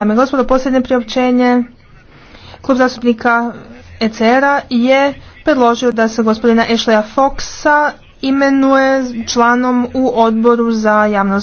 Dame i gospodo, posljednje priopćenje. Klub zastupnika ECR-a je predložio da se gospodina Ešleja Foxa imenuje članom u odboru za javno